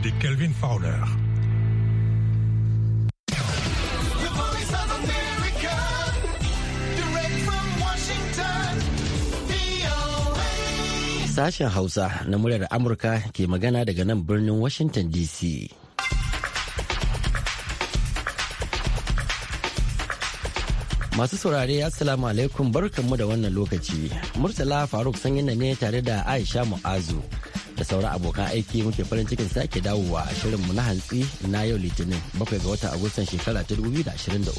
de Kelvin Fowler. Sashen Hausa na muryar Amurka ke magana daga nan birnin Washington DC. Masu saurare Assalamu alaikum barkanmu da wannan lokaci. Murtala Faruk sanyi ne tare da Aisha Mu'azu. da sauran abokan aiki muke farin cikin sake dawowa a shirin mu na hantsi na yau litinin bakwai ga wata agustan shekara ta 2023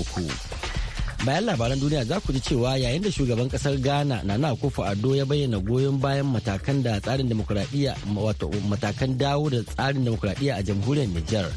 bayan labaran duniya za ku ji cewa yayin da shugaban kasar ghana na na kofa ado ya bayyana goyon bayan matakan da tsarin demokuraɗiyya wato matakan dawo da tsarin demokuraɗiyya a jamhuriyar niger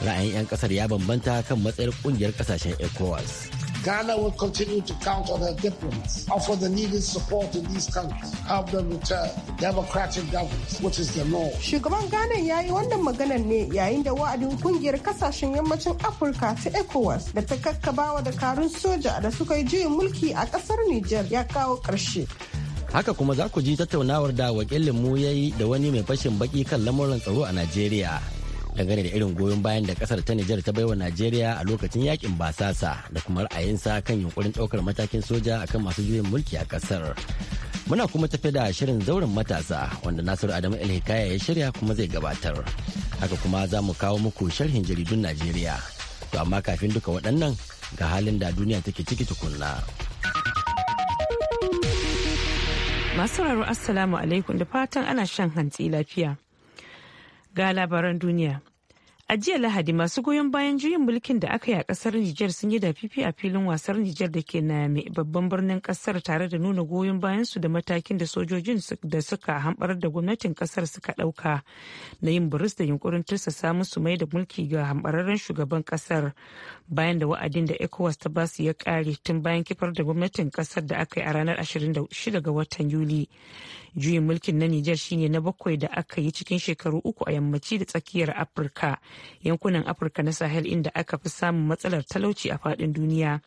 ra'ayin 'yan kasar ya bambanta kan matsayar kungiyar kasashen ecowas Ghana will continue to count on her diplomats, offer the needed support in these countries, help them return democratic governance, which is the norm. Shugaban Ghana ya yi wannan maganar ne yayin da wa'adin kungiyar kasashen yammacin Afirka ta ECOWAS da ta kakkabawa dakarun soja da suka yi juyin mulki a kasar Nijar ya kawo karshe. haka kuma za ku ji tattaunawar da wakilin mu ya yi da wani mai fashin baki kan lamuran tsaro a najeriya dangane da irin goyon bayan da kasar ta Nijar ta baiwa Najeriya a lokacin yakin basasa da kuma ra'ayinsa kan yunkurin ɗaukar matakin soja akan masu juyin mulki a kasar. Muna kuma tafi da shirin zauren matasa wanda Nasiru Adamu Elhikaya ya shirya kuma zai gabatar. Haka kuma za mu kawo muku sharhin jaridun Najeriya. To amma kafin duka waɗannan ga halin da duniya take ciki tukunna. Masu raro Assalamu alaikum da fatan ana shan hantsi lafiya. Ga labaran duniya. A jiya Lahadi masu goyon bayan juyin mulkin da aka yi a kasar Nijar sun yi dafifi a filin wasar Nijar da ke na mai babban birnin kasar tare da nuna goyon bayan su da matakin da sojojin da suka hambar da gwamnatin kasar suka dauka na yin buris da yunkurin samun musu mai da mulki ga hambararren shugaban kasar bayan da wa'adin da ECOWAS ta basu ya kare tun bayan kifar da gwamnatin kasar da aka yi a ranar 26 ga watan Yuli. juyin mulkin na nijar shine na bakwai da aka yi cikin shekaru uku a yammaci da tsakiyar afirka yankunan afirka na sahel inda aka fi samun matsalar talauci a faɗin duniya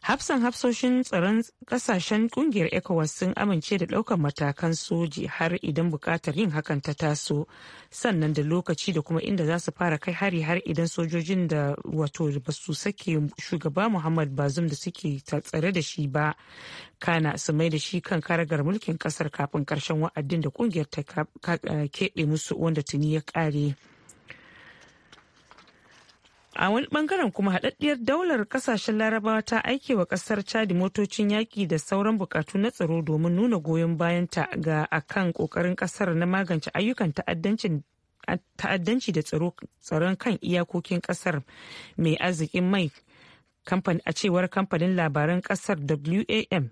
hafsan hafsoshin tsaron kasashen kungiyar ecowas sun amince da ɗaukar matakan soji har idan bukatar yin hakan ta taso sannan da lokaci da kuma inda za su fara kai hari har idan sojojin da wato ba su sake shugaba muhammad bazum da suke tsare da shi ba kana su mai da shi kan karagar mulkin kasar kafin karshen wa'adin da kungiyar ta keɓe musu wanda tuni ya ƙare. a wani bangaren kuma haɗaɗɗiyar daular ƙasashen larabawa ta aike wa ƙasar chadi motocin yaƙi da sauran buƙatu na tsaro domin nuna goyon bayanta ga akan ƙoƙarin ƙasar na magance ayyukan ta'addanci da tsaron kan iyakokin ƙasar mai arzikin mai a cewar kamfanin labaran ƙasar wam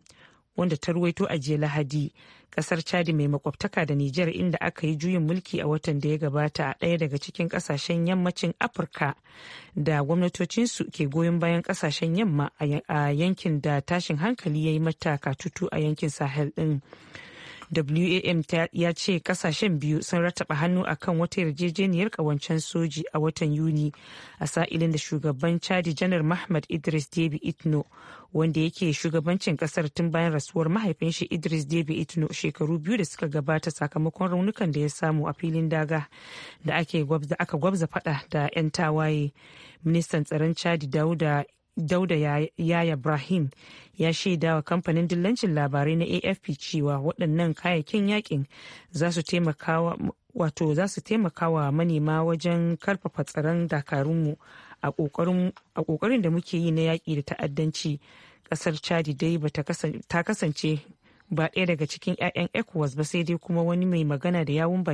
wanda ta ruwaito a jiya lahadi kasar chadi mai makwabtaka da nijar inda aka yi juyin mulki a watan da ya gabata a ɗaya daga cikin kasashen yammacin afirka da gwamnatocinsu ke goyon bayan kasashen yamma a yankin da tashin hankali ya yi mata katutu a yankin sahel ɗin. wam ya ce kasashen biyu sun rataba hannu a kan wata yarjejeniyar kawancen soji a watan yuni a sa'ilin da shugaban chadi janar mahmad idris debi itno wanda yake shugabancin kasar tun bayan rasuwar mahaifin shi idris debi itno shekaru biyu da suka gabata sakamakon raunukan da ya samu a filin daga da aka gwabza fada da 'yan tawaye ministan tsaron chadi dauda dauda yaya ibrahim ya shaida wa kamfanin dillancin labarai na afp cewa waɗannan kayayyakin yakin za su taimaka wa manema wajen karfafa tsaron dakarunmu a ƙoƙarin da muke yi na yaƙi da ta'addanci ƙasar chadi dai ta kasance ba ɗaya daga cikin 'ya'yan ecowas ba sai dai kuma wani mai magana da yawun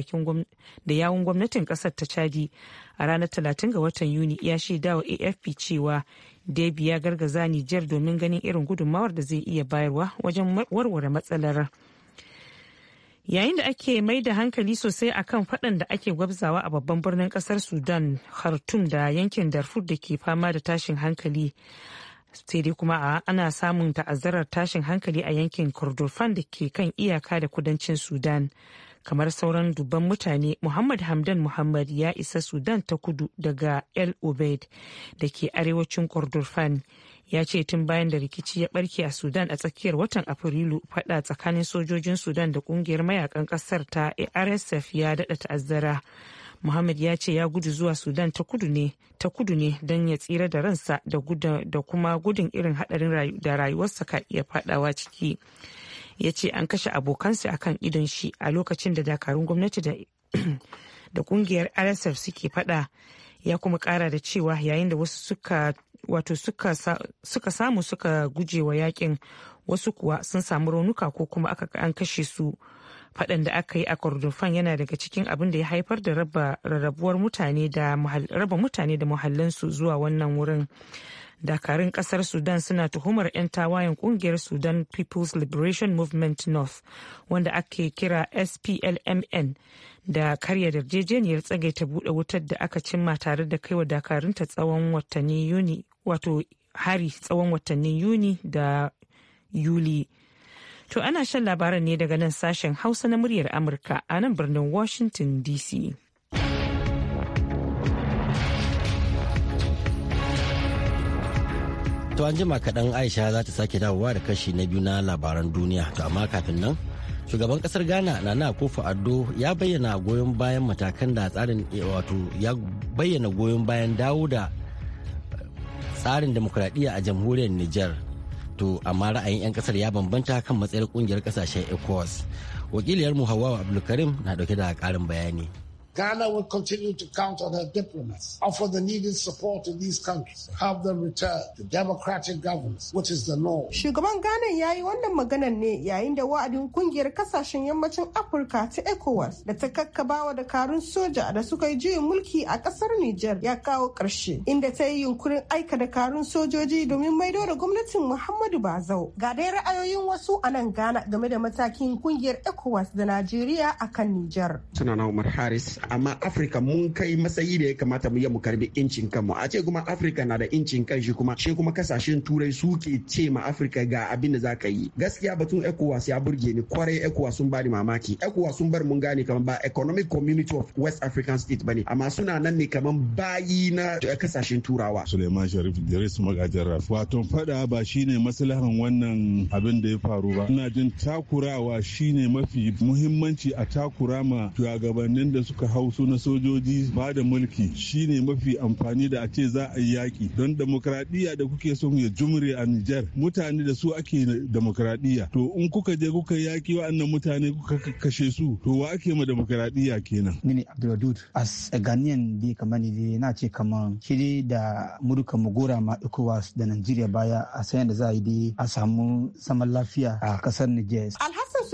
gwamnatin ƙasar ta chadi a ranar talatin ga watan yuni ya shaida dawa afp cewa debi ya gargaza nijar domin ganin irin gudunmawar da zai iya bayarwa wajen warware matsalar yayin da ake mai da hankali sosai a kan faɗan da ake gwabzawa a babban birnin ƙasar sudan khartum da yankin darfur da ke fama da tashin hankali sai dai kuma ana samun ta'azzarar tashin hankali a yankin kordofan da ke kan iyaka da kudancin sudan kamar sauran dubban mutane muhammad hamdan muhammad ya isa sudan ta kudu daga el obed da ke arewacin kordofan ya ce tun bayan da rikici ya barke a sudan a tsakiyar watan afrilu fada tsakanin sojojin sudan da kungiyar mayakan kasar ta arsf ya dada ta'azzara Muhammad ya ce ya gudu zuwa Sudan ta kudu ne ta kudu ne don ya tsira da ransa da kuma gudun irin hadarin da rayuwarsa ka iya fadawa ciki. Ya ce an kashe abokansa akan idon shi a lokacin da dakarun gwamnati da da kungiyar RSF suke fada ya kuma kara da cewa yayin da wasu suka wato suka, suka samu suka gujewa yakin wasu kuwa sun samu raunuka ko kuma aka an kashe su faɗan da aka yi a kordofan yana daga cikin abin da ya haifar da rarrabuwar mutane da raba mutane da muhallinsu zuwa wannan wurin dakarun kasar sudan suna tuhumar 'yan tawayen kungiyar sudan people's liberation movement north wanda ake kira splmn da karya yarjejeniyar tsagaita buɗe wutar da aka cimma tare da kaiwa dakarunta tsawon watanni yuni wato hari tsawon watannin yuni da yuli To ana shan labaran ne daga nan sashen Hausa na muryar Amurka a nan birnin Washington DC. To an jima kaɗan Aisha za ta sake dawowa da kashi na biyu na labaran duniya. To amma kafin nan, shugaban kasar Ghana na Nana kofa Addo ya bayyana goyon bayan matakan da tsarin eh, wato ya bayyana goyon bayan dawo da eh, tsarin demokradiyya a jamhuriyar Nijar. to amma ra'ayin 'yan kasar ya bambanta kan matsayar kungiyar kasashen ecowas wakiliyar mu hawa abdulkarim na dauke da karin bayani Ghana will continue to count on her diplomats, offer the needed support to these countries, have them return to democratic governance, which is the norm. Shugaban Ghana ya yi wannan maganar ne yayin da wa'adin kungiyar kasashen yammacin Afirka ta ECOWAS da ta kakkabawa da karun soja da suka yi juyin mulki a kasar Nijar ya kawo ƙarshe, inda ta yi yunkurin aika da karun sojoji domin maido da gwamnatin Muhammadu Bazau. Ga dai ra'ayoyin wasu a nan Ghana game da matakin kungiyar ECOWAS da Najeriya akan Nijar. Sunana Umar Haris amma afirka mun kai matsayi da ya kamata mu yi mu karbi incin kanmu a ce kuma afirka na da incin kan shi kuma shi kuma kasashen turai suke ce ma afirka ga abin da za ka yi gaskiya batun ecowas ya burge ni kwarai ecowas sun bani mamaki ecowas sun bar mun gane kamar ba economic community of west african state bane amma suna nan ne kamar bayi na eh, kasashen turawa suleiman sharif idris magajar raf wato fada ba shine maslahan wannan abin da ya faru ba ina jin takurawa shine mafi muhimmanci a takura ma shugabannin da suka hausu na sojoji ba da mulki shine mafi amfani da a ce za a yi yaƙi don demokradiyya da kuke son ya jumre a Nijar mutane da su ake demokradiyya to in kuka je kuka yaƙi wa'annan mutane kuka kashe su to wa ake ma demokradiyya kenan. Mini Abdulwadud as a Ghanaian bi kamar ni dai na ce kamar shiri da Murka gora ma ECOWAS da Najeriya baya a sayan da za a yi dai a samu saman lafiya a kasar Nijar.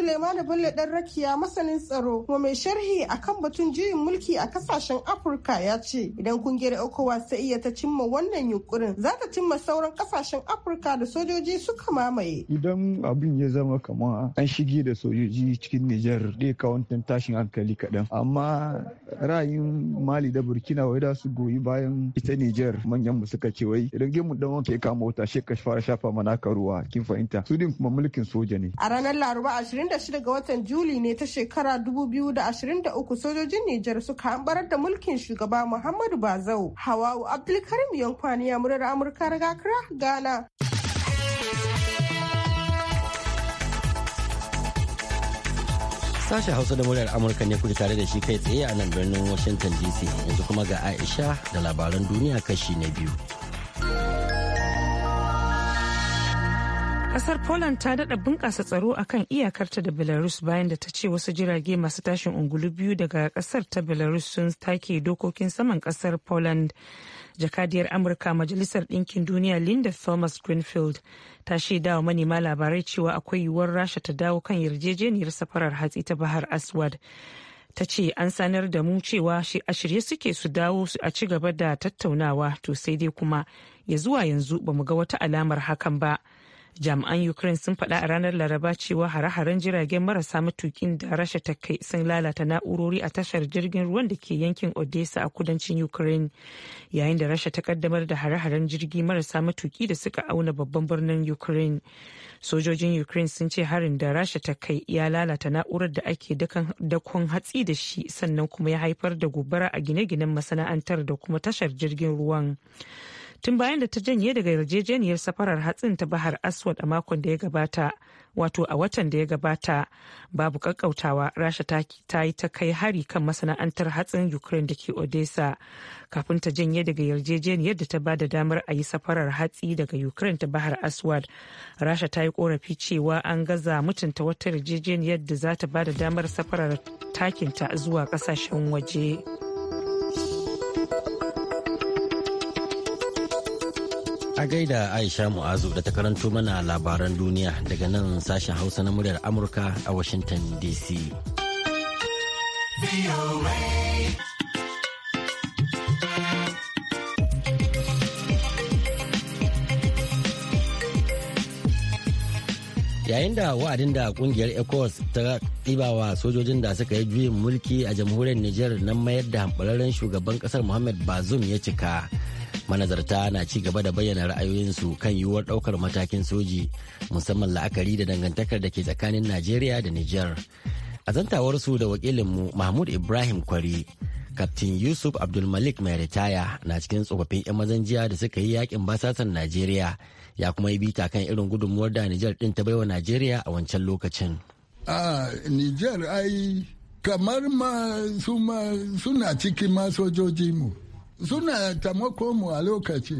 Suleimanu Bello dan Rakiya masanin tsaro kuma mai sharhi akan batun juyin mulki a kasashen Afirka ya ce idan kungiyar ECOWAS ta iya ta cimma wannan yunkurin za ta cimma sauran kasashen Afirka da sojoji suka mamaye. Idan abin ya zama kama an shige da sojoji cikin Nijar dai kawantan tashin hankali kaɗan amma ra'ayin Mali da Burkina wai da su goyi bayan ita Nijar manyan mu suka ce wai idan gemu dan wanke ka mota shi fara shafa mana ka ruwa kin fahimta su din kuma mulkin soja ne. A ranar Laraba 26 ga watan Juli ne ta shekara 2023 sojojin Nijar suka hambarar da mulkin shugaba Muhammadu Bazau. Hawawu Abdulkarim Yankwani ya murar Amurka daga Kira, Ghana. Sashen Hausa da muryar Amurka ne kuke tare da shi kai tsaye a nan birnin Washington DC yanzu kuma ga Aisha da labaran duniya kashi na biyu. kasar poland ta dada bunkasa tsaro akan iyakarta da belarus bayan da ta ce wasu jirage masu tashin ungulu biyu daga kasar ta belarus sun take dokokin saman kasar poland jakadiyar amurka majalisar ɗinkin duniya linda thomas greenfield ta shaida wa manema labarai cewa akwai yiwuwar rasha ta dawo kan yarjejeniyar safarar hatsi ta bahar aswad ta ce an sanar da mu cewa a shirye suke su dawo su a ci gaba da tattaunawa to sai dai kuma ya zuwa yanzu ba mu ga wata alamar hakan ba. jami'an ukraine sun faɗa a ranar laraba cewa hare-haren jiragen marasa matukin da rasha ta kai sun lalata na'urori a tashar jirgin ruwan da ke yankin odessa a kudancin ukraine yayin da rasha ta kaddamar da hare-haren jirgi marasa matuki da suka auna babban birnin ukraine sojojin ukraine sun ce harin da rasha ta kai ya lalata na'urar da ake dakon hatsi da shi sannan kuma ya haifar da gobara a gine-ginen masana'antar da kuma tashar jirgin ruwan. tun bayan da ta janye daga yarjejeniyar safarar hatsin ta bahar aswad a makon da ya gabata wato a watan da ya gabata babu kakkautawa rasha ta yi ta kai hari kan masana'antar hatsin ukraine da ke odessa kafin ta janye daga yarjejeniyar da ta ba da damar a yi safarar hatsi daga ukraine ta bahar aswad rasha ta yi korafi cewa an gaza mutunta wata yarjejeniyar da za ta ba da damar safarar takinta zuwa kasashen waje. A gaida Aisha Mu'azu da ta karanto mana labaran duniya daga nan sashen Hausa na muryar Amurka a Washington DC. Yayin da wa'adin da kungiyar ECOWAS ta ɗibawa sojojin da suka yi juyin mulki a jamhuriyar Nijar na mayar da hambararren shugaban ƙasar Muhammad Bazoum ya cika. manazarta na ci gaba da bayyana ra'ayoyinsu kan yiwuwar ɗaukar matakin soji musamman la'akari da dangantakar da ke tsakanin najeriya da niger a zantawarsu da wakilinmu mahmud ibrahim kwari kaftin yusuf abdulmalik mai ritaya na cikin tsofaffin 'yan mazan jiya da suka yi yakin basasan najeriya ya kuma yi bita kan irin gudunmuwar da niger din ta baiwa najeriya a wancan lokacin niger ai kamar ma suna cikin ma sojojinmu suna taimako mu a lokaci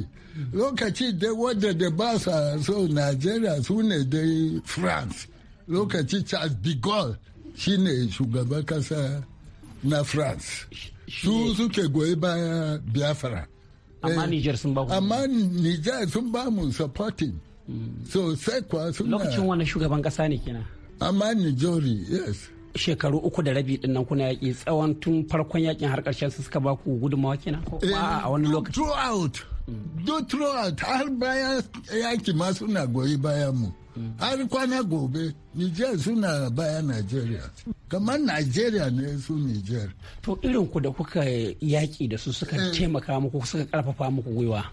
lokaci dai wadda da ba sa so nigeria su ne dai france lokaci charles de gaulle shi ne shugaban kasa na france su suke goyi baya biafra amma eh, niger sun ba amma niger sun mu supporting hmm. so sai kwa. suna lokacin wani shugaban kasa ne kenan amma nijori yes shekaru uku da rabi din nan kuna yaƙi tsawon tun farkon yakin har ƙarshen su suka baku gudunmawa kenan ko a wani eh, lokaci throughout do throughout har bayan yaki ma suna goyi bayan mu har kwana gobe niger suna baya nigeria kamar nigeria ne su niger to irin ku da kuka yaki da su suka eh. taimaka muku suka karfafa muku gwiwa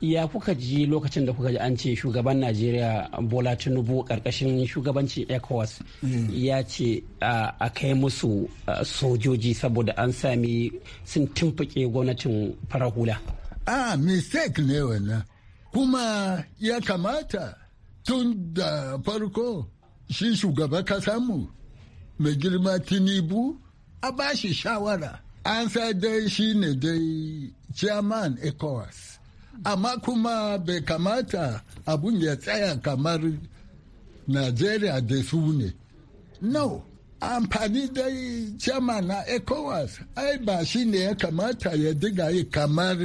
ya kuka ji lokacin da kuka ji an ce shugaban nigeria bola tinubu karkashin shugabancin ecowas mm. ya ce a kai musu sojoji saboda an sami sun tumfuke gwamnatin farar hula ah, mistake ne wannan kuma ya kamata tun da farko shi shugaba mu?/ mai girma tinubu a ba shi shawara an sa dai shi ne dai chairman ecowas amma kuma bai kamata abun ya tsaya kamar Nigeria da su ne no amfani dai chairman na ecowas ai ba shi ne ya kamata ya diga yi kamar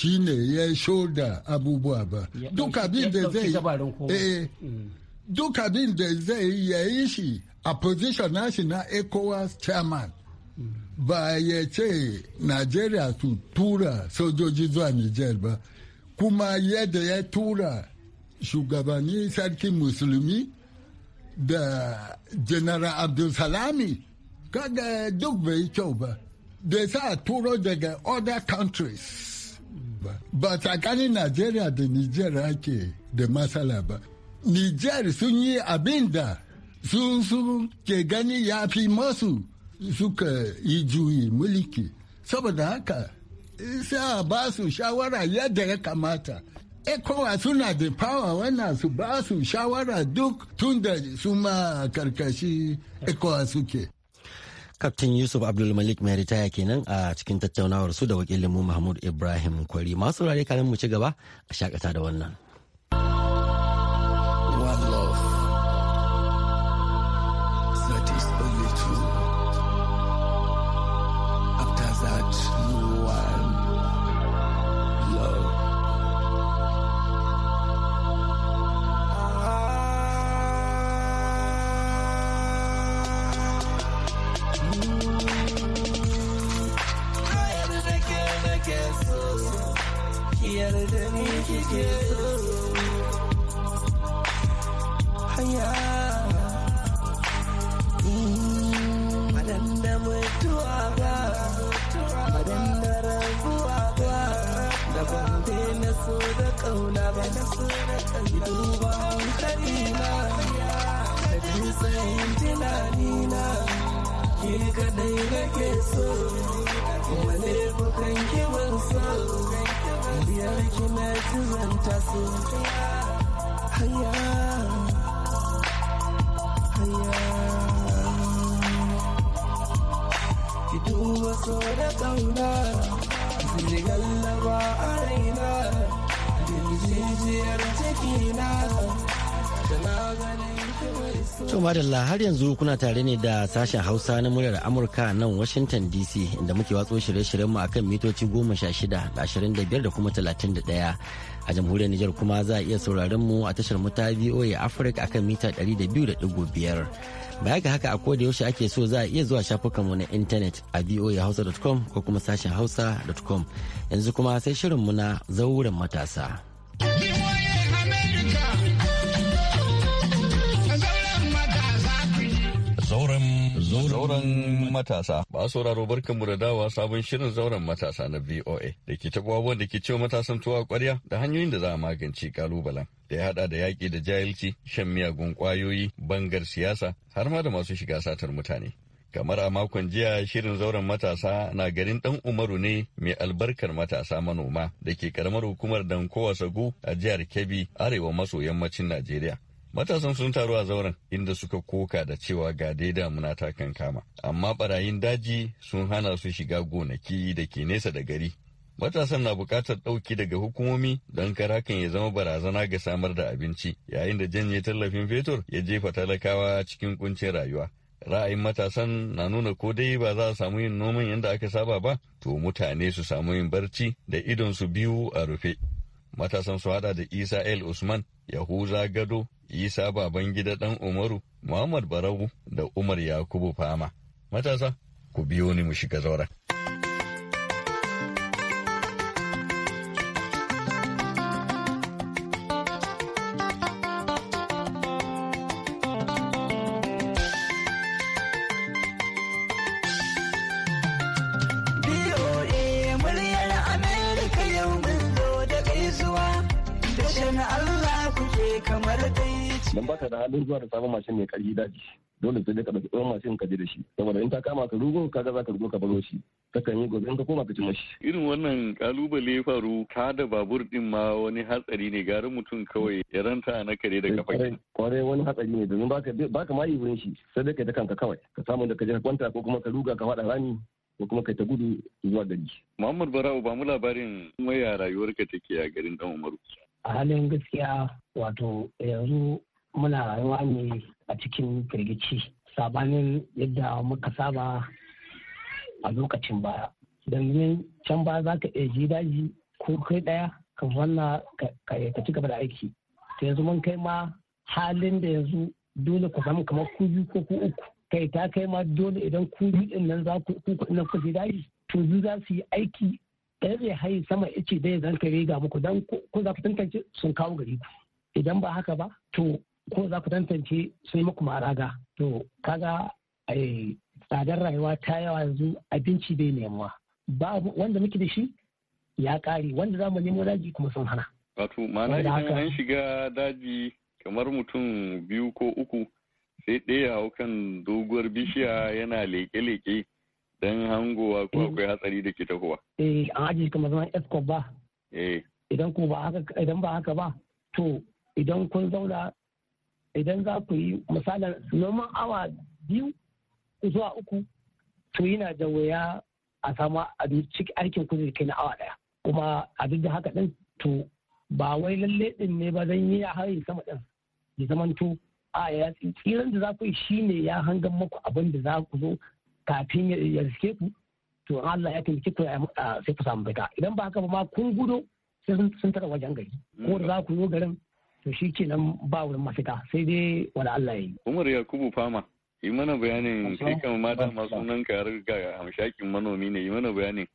shine ya shoda abubuwa ba duk abin da zai ya eh, eh. mm. duk abin da zai yayi shi a position nashi na ecowas chairman mm. ba ya ce nigeria su tura sojoji zuwa Nijar ba, kuma yadda ya tura shugabanni sarki musulmi da General Abdulsalami kaga duk bai kyau ba. Da sa turo daga other countries. ba ba tsakanin najeriya da niger ake da matsala ba niger sun yi abin da sun ke gani ya fi masu suka yi juyi mulki saboda haka sa ba su shawara yadda ya kamata ekowa suna da fawa wannan su ba su shawara duk tun da su ma karkashi ekowa suke Kaftin Yusuf Abdulmalik mai ritaya kenan a cikin tattaunawar su da wakilinmu Mahmud Ibrahim Kwari. Masu rare kanan mu ci gaba a shakata da wannan. To madalla har yanzu kuna tare ne da sashen Hausa na muryar Amurka nan Washington DC inda muke watso shirye mu akan mitoci goma sha da kuma talatin A jamhuriyar Nijar kuma za a iya sauraron mu a tashar mu ta VOA Africa akan mita ɗari da biyu da biyar. Baya ga haka a koda yaushe ake so za a iya zuwa shafukanmu na intanet a voahausa.com ko kuma sashen hausa.com yanzu kuma sai shirin mu na zauren matasa. Zauren matasa. Ba sauraro barkanmu da dawa sabon shirin zauren matasa na VOA da ke taɓa abubuwan da ke cewa matasan tuwa ƙwarya da hanyoyin da za a magance ƙalubalen Da ya haɗa da yaƙi da jahilci, shan miyagun ƙwayoyi, bangar siyasa, har ma da masu shiga satar mutane. Kamar a makon jiya shirin zauren matasa na garin dan Umaru ne mai albarkar matasa manoma da ke karamar hukumar Dankowa Sagu a jihar Kebbi arewa maso yammacin Najeriya. Matasan sun taru a zauren inda suka koka da cewa ga dai damuna ta kan kama, amma barayin daji sun hana su shiga gonaki da ke nesa da gari. Matasan na bukatar ɗauki daga hukumomi don kar hakan ya zama barazana ga samar da abinci, yayin da janye tallafin fetur ya jefa talakawa cikin kuncin rayuwa. Ra'ayin matasan na nuna ko dai ba za a samu yin noman yadda aka saba ba, to mutane su samu yin barci da idon su biyu a rufe. Matasan su hada da Isa El Usman, Yahuza Gado, Isa baban gida Dan Umaru, Muhammad Barau da Umar Yakubu Fama. Matasa, ku biyo ni mu shiga zauren. kamar dai Don baka da halin zuwa da sabon mashin mai karfi daji dole sai ka ɗauki tsohon mashin ka je da shi saboda in ta kama ka rugo ga za ka rugo ka baro shi takan yi gobe in ka koma ka ci mashi. irin wannan kalubale ya faru ta da babur din ma wani hatsari ne garin mutum kawai ya ranta na kare da kafa kwarai wani hatsari ne domin baka ma yi wurin shi sai dai yi ta kanka kawai ka samu da ka je ka kwanta ko kuma ka ruga ka faɗa rami ko kuma kai ta gudu zuwa gari. Muhammad Barau ba mu labarin waya rayuwarka take a garin Dan Umaru. a halin gaskiya wato yanzu muna rayuwa ne a cikin firgici sabanin yadda muka saba a lokacin baya domin can ba za ka iya ji daji ko kai daya ka zanna ka ci gaba da aiki ta yanzu mun kai ma halin da yanzu dole ku samu kamar ku ko ku uku kai ta kai ma dole idan ku biyu din nan za ku uku na ku ji daji to zu za su yi aiki ɗaya zai hayi sama ice dai zan ka riga muku dan ko za ku tantance sun kawo gari ku idan ba haka ba to ko za ku tantance sun muku maraga to kaga eh, tsadar rayuwa ta yawa yanzu abinci bai nemuwa babu wanda muke da shi ya ƙare wanda za mu nemo daji kuma sun hana wato ma'ana idan an shiga daji kamar mutum biyu ko uku sai ɗaya hau kan doguwar bishiya yana leƙe-leƙe don hangowa ko eh. akwai hatsari da ke tahowa eh an aji kamar zaman escort ba eh idan ko ba haka idan ba haka ba to idan kun zauna idan za ku yi misalin noman awa biyu zuwa uku to yana da waya a sama a cikin aikin ku kai na awa daya kuma a duk da haka din to ba wai lalle din ne ba zan yi ya hari sama din ya zamanto a ya tsiran da za ku yi shine ya hangan maku abin da za ku zo kafin ya riske ku to Allah ya taimake ku sai ku samu baita idan ba haka ba ma kun gudo sai sun tara wajen gari mm. ko da za ku yi garin to shi kenan ba wurin mafita sai dai wani Allah ya yi. Umar Yakubu Fama yi mana bayanin kai kan mata masu nan ka riga hamshakin manomi ne yi mana bayanin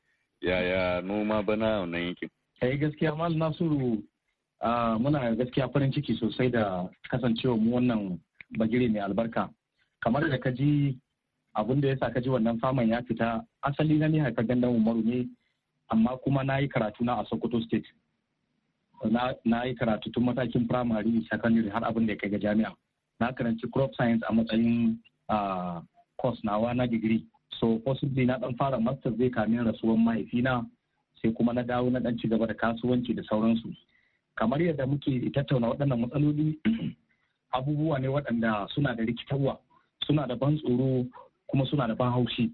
yaya noma bana a wannan yankin. Eh gaskiya Mal Nasiru muna gaskiya farin ciki sosai da kasancewa mu wannan bagire mai albarka kamar da ka ji abin da ya sa ka ji wannan faman ya fita asali na ne haifar gandan umaru ne amma kuma na yi karatu na a sokoto state na yi karatu tun matakin primary secondary har abin da ya kai ga jami'a na karanci crop science a matsayin course nawa na digiri so possibly na dan fara master zai kamin rasuwan mahaifina sai kuma na dawo na dan ci gaba da kasuwanci da sauransu kamar yadda muke tattauna waɗannan matsaloli abubuwa ne waɗanda suna da rikitarwa suna da ban tsoro kuma suna da ban haushi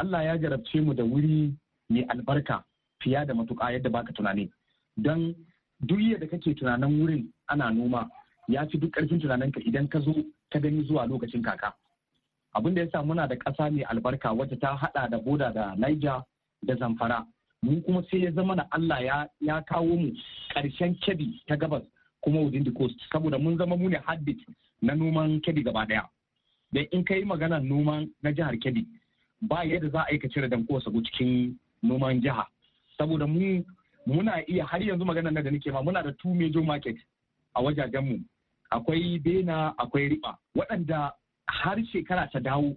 Allah ya jarabce mu da wuri mai albarka fiya da matuƙa yadda baka tunani don duk yadda kake tunanin wurin ana noma ya fi duk ƙarfin tunaninka idan ka zo ka gani zuwa lokacin kaka abin da ya sa muna da ƙasa mai albarka wacce ta haɗa da boda da Niger da Zamfara mun kuma sai ya zama na Allah ya kawo mu ƙarshen kebi ta gabas kuma within coast saboda mun zama mu ne na noman kebi gaba ɗaya dan in ka yi maganar noman na jihar kebbi ba yadda za a yi ka cire danko sago cikin noman jiha saboda mu muna iya har yanzu maganar da nake ma muna da two major market a wajajen mu akwai bena akwai riba waɗanda har shekara ta dawo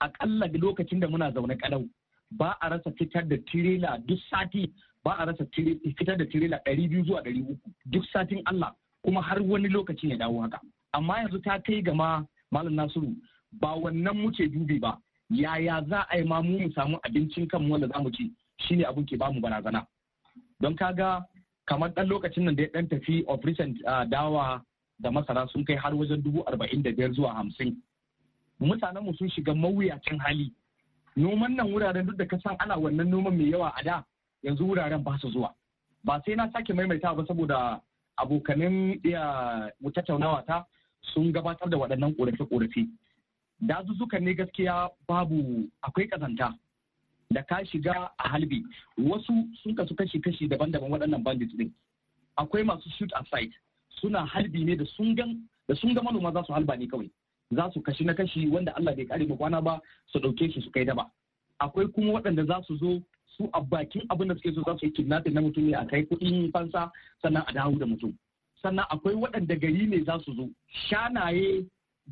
akalla lokacin da muna zaune kadau ba a rasa fitar da tirela duk sati ba a rasa fitar da tirela ɗari biyu zuwa ɗari uku duk satin Allah kuma har wani lokacin ya dawo haka amma yanzu ta kai gama malam Nasiru ba wannan muke dubi ba yaya za a yi ma mu samu abincin kanmu wanda za mu ci shine abin ke bamu barazana don kaga kamar ɗan lokacin nan da ya dan tafi of recent dawa da masara sun kai har wajen dubu arba'in da biyar zuwa hamsin mutanen mu sun shiga mawuyacin hali noman nan wuraren duk da ka san ana wannan noman mai yawa a da yanzu wuraren ba su zuwa ba sai na sake maimaita ba saboda abokanin iya tattaunawa ta sun gabatar da waɗannan ƙorafe-ƙorafe dazuzzukan ne gaskiya babu akwai kazanta da ka shiga a halbi wasu sun kasu kashi kashi daban-daban waɗannan bandits din akwai masu shoot at site suna halbi ne da sun ga manoma za su halba ne kawai za su kashi na kashi wanda Allah bai kare kwana ba su ɗauke shi su kai daba akwai kuma waɗanda za su zo su a bakin abin da suke so za su yi kidnapping na mutum ne a kai kuɗin fansa sannan a dawo da mutum sannan akwai waɗanda gari ne za su zo shanaye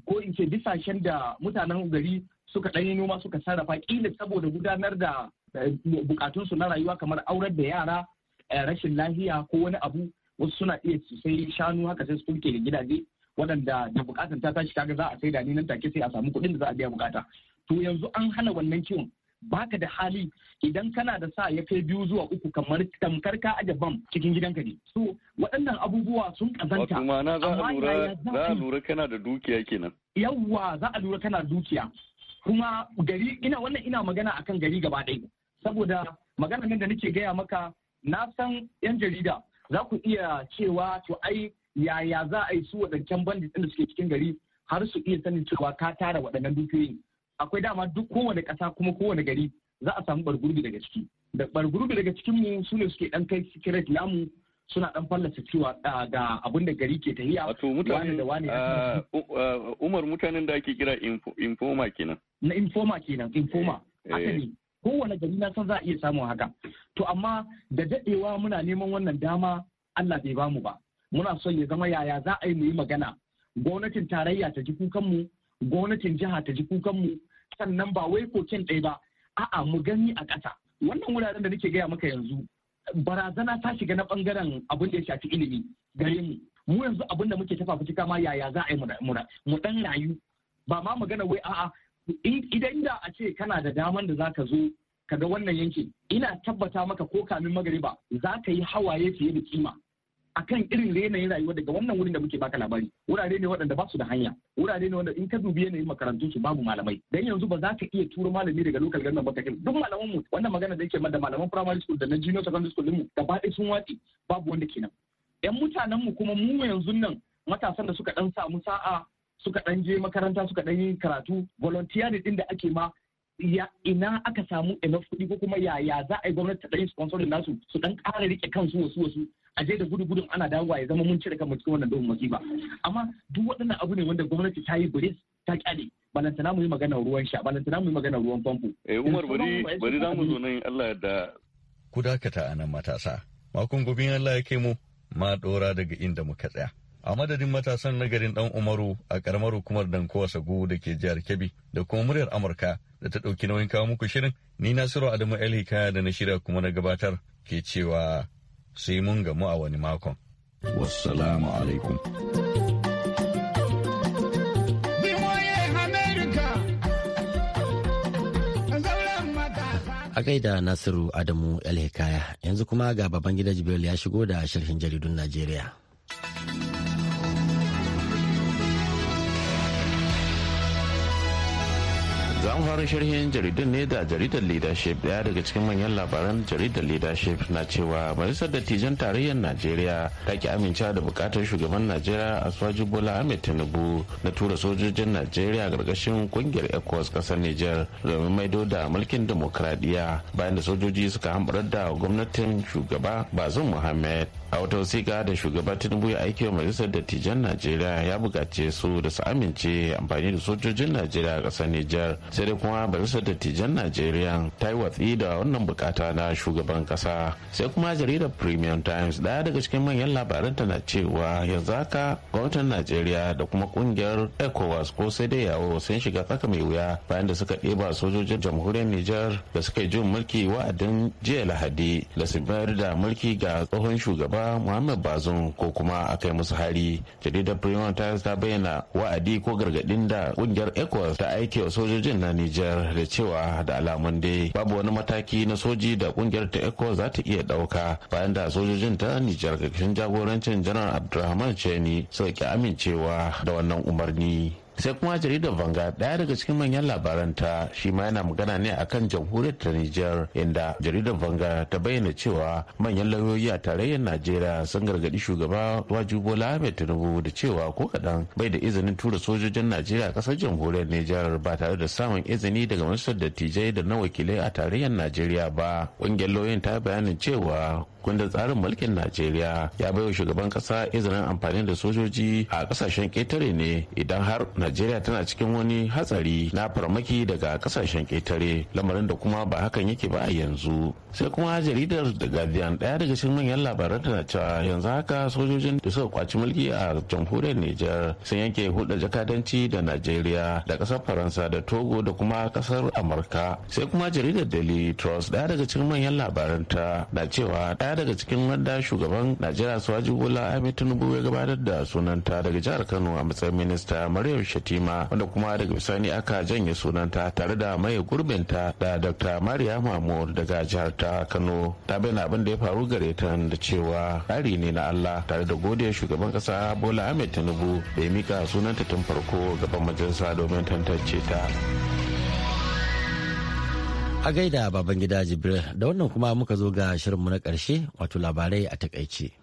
ko in ce bisashen da mutanen gari suka ɗanyi noma suka sarrafa ƙila saboda gudanar da eh, bukatunsu na rayuwa kamar aurar da yara eh, rashin lafiya ko wani abu wasu suna iya sai shanu haka sai su kulke da gidaje waɗanda da bukatan ta tashi kaga za a sai da ni nan take sai a samu kuɗin da za a biya bukata to yanzu an hana wannan ciwon. baka da hali idan kana da sa ya kai biyu zuwa uku kamar tamkar ka aje bam cikin gidanka ne so waɗannan abubuwa sun kazanta amma na za a lura za a lura kana da dukiya kenan yawwa za a lura kana dukiya kuma gari ina wannan ina magana akan gari gaba ɗaya saboda magana nan da nake gaya maka na san yan jarida za ku iya cewa to ai yaya za a yi su waɗancan bandit ɗin da suke cikin gari har su iya sanin cewa ka tara waɗannan dukiyoyin akwai dama duk kowane ƙasa kuma kowane gari za a samu bargurbi daga ciki da bargurbi daga cikin mu su ne suke dan kai secret namu suna dan fallasa cewa ah, ga abin da gari ke tahiya wato mutane da wani uh, uh, uh, umar mutanen da ake kira informa kenan na informa kenan informa eh, eh. asali kowane gari na san za a iya samun haka to amma da dadewa muna neman wannan dama Allah bai bamu ba muna son ya zama yaya za a yi mu yi magana gwamnatin tarayya ta ji kukan mu gwamnatin jiha ta ji kukan mu sannan ba wai koken ɗaya ba a'a mu gani a ƙasa wannan wuraren da nake gaya maka yanzu barazana ta shiga na bangaren abin da ya shafi ilimi gare mu mu yanzu abin da muke tafa fitika ma yaya za a yi mu dan rayu ba ma magana wai a'a idan da a ce kana da daman da zaka zo ka ga wannan yankin ina tabbata maka ko kamin magariba za ka yi hawaye fiye da kima akan irin da yanayin rayuwa daga wannan wurin da muke baka labari wurare ne waɗanda ba su da hanya wurare ne wanda in ka dubi yanayin makarantun su babu malamai dan yanzu ba za ka iya turo malami daga local government ba kakin duk malaman mu wannan magana da yake da malaman primary school da na junior secondary school mu gaba ɗaya sun wace babu wanda kenan yan mutanen mu kuma mu yanzu nan matasan da suka dan samu sa'a suka dan je makaranta suka dan yi karatu volunteer din da ake ma ya ina aka samu enough kuɗi ko kuma yaya za a yi gwamnati ta ɗan sponsorin nasu su dan ƙara rike kansu wasu wasu a je da gudu gudun ana dawowa ya zama mun cire kanmu cikin wannan dogon masifa amma duk waɗannan abu ne wanda gwamnati ta yi biris ta kyale balantana mu yi magana ruwan sha balantana mu yi magana ruwan famfo. eh umar bari bari zamu zo nan allah da. ku dakata a nan matasa makon gobe allah ya kai mu ma dora daga inda muka tsaya. a madadin matasan na garin dan umaru a karamar hukumar dankowa sagu da ke jihar kebbi da kuma muryar amurka da ta ɗauki nauyin kawo muku shirin ni nasiru adamu el da na shirya kuma na gabatar ke cewa sai mun gamu a wani makon. Wassalamu alaikum. A gaida Nasiru Adamu El Hikaya yanzu kuma ga baban gida Jibril ya shigo da sharhin jaridun Najeriya. za mu fara sharhin jaridun ne da jaridar leadership daya daga cikin manyan labaran jaridar leadership na cewa majalisar dattijan tarayyar najeriya ta ki amincewa da bukatar shugaban najeriya a swaji bola ahmed tinubu na tura sojojin najeriya gargashin kungiyar ecowas kasar niger domin maido da mulkin demokradiya bayan da sojoji suka hambarar da gwamnatin shugaba bazin muhammed. a wata wasiƙa da shugaban tinubu ya aiki wa majalisar dattijan najeriya ya buƙace su da su amince amfani da sojojin najeriya a ƙasar nijar sai dai kuma majalisar dattijan najeriya ta yi watsi da wannan buƙata na shugaban ƙasa sai kuma jaridar premium times ɗaya daga cikin manyan labaran ta na cewa yanzu haka gwamnatin najeriya da kuma ƙungiyar ecowas ko sai dai yawo sun shiga tsaka mai wuya bayan da suka ɗeba sojojin jamhuriyar nijar da suka yi jin mulki wa'adin jiya lahadi da su bayar da mulki ga tsohon shugaban ba muhammad bazon ko kuma a kai musu hari jaridar premium times ta bayyana wa'adi ko gargadin da ƙungiyar ecowas ta aike wa sojojin na niger da cewa da alamun dai babu wani mataki na soji da kungiyar ta ecowas za ta iya ɗauka bayan da sojojin ta niger karkashin jagorancin janar abdulrahman cheni suka ki amincewa da wannan umarni sai kuma jaridar vanga daya daga cikin manyan labaranta shi ma yana magana ne akan jamhuriyar ta nijar inda jaridar vanga ta bayyana cewa manyan lauyoyi a tarayyar najeriya sun gargadi shugaba wajibola ahmed tinubu da cewa ko kaɗan bai da izinin tura sojojin najeriya ƙasar jamhuriyar nijar ba tare da samun izini daga ministan dattijai da na wakilai a tarayyar najeriya ba ƙungiyar lauyoyin ta bayanin cewa kundin tsarin mulkin najeriya ya bai wa shugaban ƙasa izinin amfani da sojoji a kasashen ketare ne idan har najeriya tana cikin wani hatsari na farmaki daga kasashen ƙetare lamarin da kuma ba hakan yake ba a yanzu sai kuma jaridar da guardian ɗaya daga cikin manyan labaran tana cewa yanzu haka sojojin da suka kwaci mulki a jamhuriyar nijar sun yanke hulɗa jakadanci da najeriya da ƙasar faransa da togo da kuma ƙasar amurka sai kuma jaridar daily trust ɗaya daga cikin manyan labaran ta na cewa daya daga cikin wanda shugaban najeriya suwaji bola ahmed tinubu ya gabatar da sunanta daga jihar kano a matsayin minista maryam shatima wanda kuma daga bisani aka janye sunanta tare da maye gurbinta da dr maria mahmud daga jihar ta kano ta bayyana abin da ya faru gare ta da cewa tsari ne na allah tare da gode shugaban kasa bola ahmed tinubu da ya mika sunanta tun farko gaban majalisa domin tantance ta a gaida baban gida jibril da wannan kuma muka zo ga shirinmu na karshe wato labarai a takaice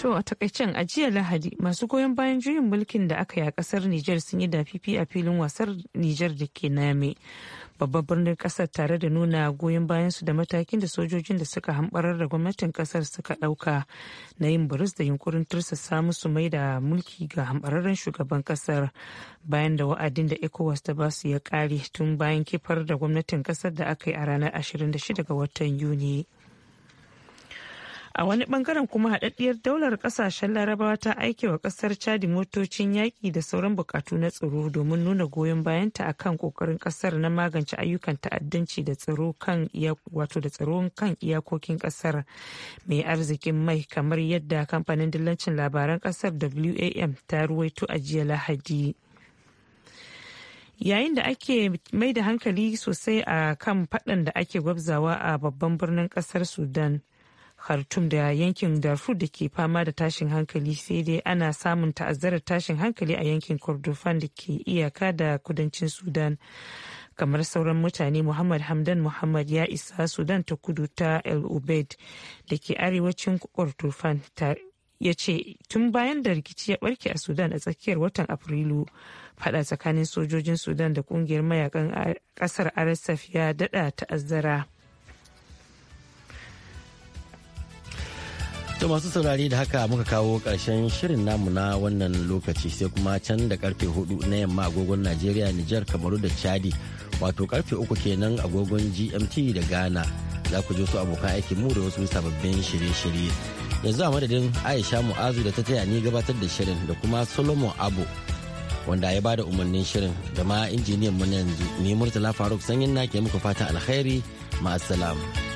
To a takaicen a jiya Lahadi masu goyon bayan juyin mulkin da aka yi a kasar Nijar sun yi dafifi a filin wasar Nijar da ke Name. Babban birnin kasar tare da nuna goyon bayan su da matakin da sojojin da suka hambarar da gwamnatin kasar suka dauka na yin buris da yunkurin tursasa musu mai da mulki ga hambararren shugaban kasar bayan da wa'adin da ECOWAS ta basu ya kare tun bayan kifar da gwamnatin kasar da aka yi a ranar 26 ga watan Yuni. a wani bangaren kuma haɗaɗɗiyar daular ƙasashen larabawa ta aike wa ƙasar chadi motocin yaƙi da sauran buƙatu na tsaro domin nuna goyon bayanta a kan ƙoƙarin ƙasar na magance ayyukan ta'addanci da tsaro kan wato da tsaro kan iyakokin ƙasar mai arzikin mai kamar yadda kamfanin dillancin labaran ƙasar wam ta ruwaito a jiya lahadi yayin da ake mai da hankali sosai a kan faɗan da ake gwabzawa a babban birnin ƙasar sudan khartoum da yankin darfur da ke fama da tashin hankali sai dai ana samun ta'azzarar tashin hankali a yankin kordofan da ke iyaka da kudancin sudan kamar sauran mutane muhammad hamdan muhammad ya isa sudan ta kudu ta el ubaid da ke arewacin kordofan ya ce tun bayan da rikici ya barke a sudan a tsakiyar watan afrilu fada tsakanin sojojin sudan da kungiyar mayakan kasar rsf ya dada ta'azzara. To masu saurari da haka muka kawo ƙarshen shirin namu na wannan lokaci sai kuma can da karfe hudu na yamma agogon Najeriya, Nijar, Kamaru da Chadi wato karfe uku kenan agogon GMT da Ghana. Za ku ji su abokan aikin mu da wasu sababbin shirye-shirye. Yanzu a madadin Aisha Mu'azu da ta taya ni gabatar da shirin da kuma Solomon Abu wanda ya bada umarnin shirin da ma injiniyan mu na yanzu ni Murtala Faruk sanyin na ke muku fatan alkhairi ma'asalam.